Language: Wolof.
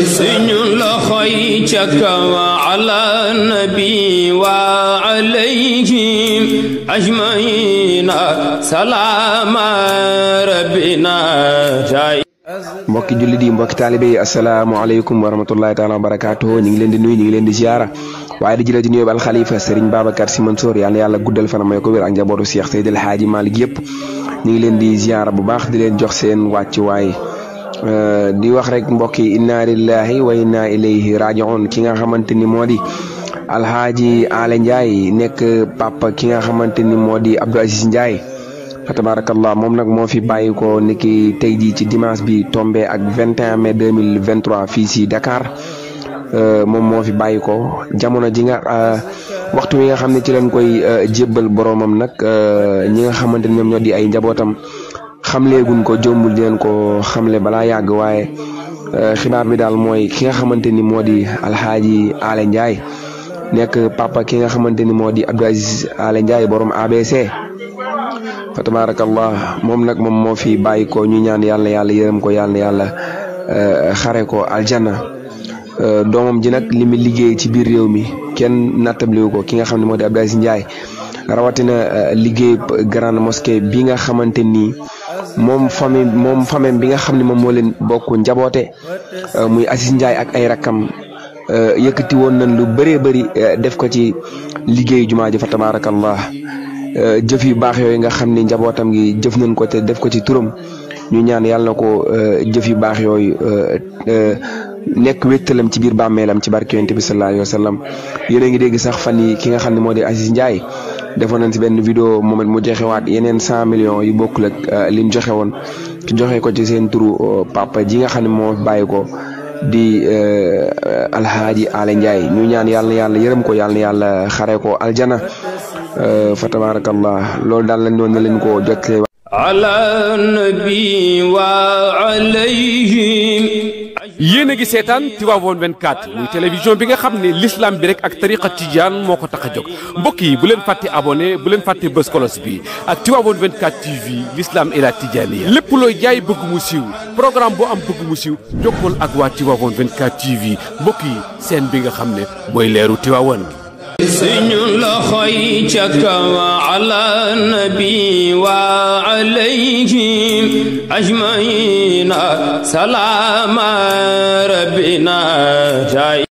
سن لخيتك وعلى النبي وعليهم أجمعين سلام ربنا جاي mbokki jullit yi mbokki taalibe yi asalaamaaleykum wa rahmatullahi taala wa barakaatuhu ñu ngi leen di nuyu ñu ngi leen di ziara waaye di jëlee di nuyoo bi alxalifa Serigne Babacar Sy Mansour yàlla na yàlla guddal fana may ko wér ak njabootu Cheikh Seydil Hadji Malick yëpp ñu ngi leen di ziara bu baax di leen jox seen wàccuwaay Euh, di wax rek mbokk yi inna lillahi wa inna ilayhi rajiun ki nga xamante ni moo di alxaaji Ale Ndiaye nekk papa ki nga xamante ni moo di Abdou Ndiaye fa tabarakallah moom nag moo fi bàyyi ko niki tey jii ci dimanche bi tombe ak mais 21 mai 2023 fii si Dakar euh, moom moo fi bàyyi jamono ji nga euh, waxtu wi nga xam ne ci lañ koy jébbal boromam nag ñi nga xamante ni ñoom di ay njabootam. xamleeguñ ko jombul di ko xamle balaa yàgg waaye euh, xibaar bi daal mooy ki nga xamante ni moo di alxaaji Aale Ndiaye nekk papa ki nga xamante ni moo di Abdou Aziz Aale boroom borom ABC fa tabaarakallah moom nag moom moo fi bàyyi ko ñu ñaan yàlla yàlla yërëm ko yàlla yàlla euh, xare ko aljanna euh, doomam ji nag li mu liggéey ci biir réew mi kenn nattabliwu ko ki nga xam ne moo di Abdou bi nga xamante ni. moom famille moom famille bi nga xam ne moom moo leen bokk njaboote euh, muy Aziz njaay ak ay rakkam euh, yëkkati woon nañ lu bëree bëri euh, def ko ci liggéey jumaa ji fa tabaarakallah jëf yu baax yooyu nga xam ni njabootam ngi jëf nañ ko te def ko ci turam ñu ñaan yàlla na ko jëf yu baax yooyu nekk wéttalam ci biir bàmmeelam ci barke yonent bi sallallahu a ngi dégg sax fan yi ki nga xam ne moo di Aziz Ndiaye defoon nañ si benn vidéo moom mo joxe joxewaat yeneen cent millions yu bokkul ak euh, li mu joxe woon ci joxe ko ci seen turu euh, papa ji nga xam ne moo bàyyi ko di euh, alxaaji Ale Ndiaye mu ñaan yàlla yàlla yërëm ko yàlla yàlla xare ko aljana fa tabaarakallah loolu daal lañ doon na leen ko jotle ala nabi a ngi seetaan Tivaouane 24 muy télévision bi nga xam ne l'islam bi rek ak tariqa tijaan moo ko tax a jóg yi bu fàtte abonné bu fàtte bës bi ak Tivaouane 24 TV l'islam et la tijaaniya lépp looy jaay bëgg mu siiw programme bu am bëgg mu siiw jokkool ak waa Tivaouane 24 TV mbokk yi seen bi nga xam ne mooy leeru Tivaouane gi suñu loxo yi ca kaw ala nabi wa alayhim أجمعين سلام ربنا جاي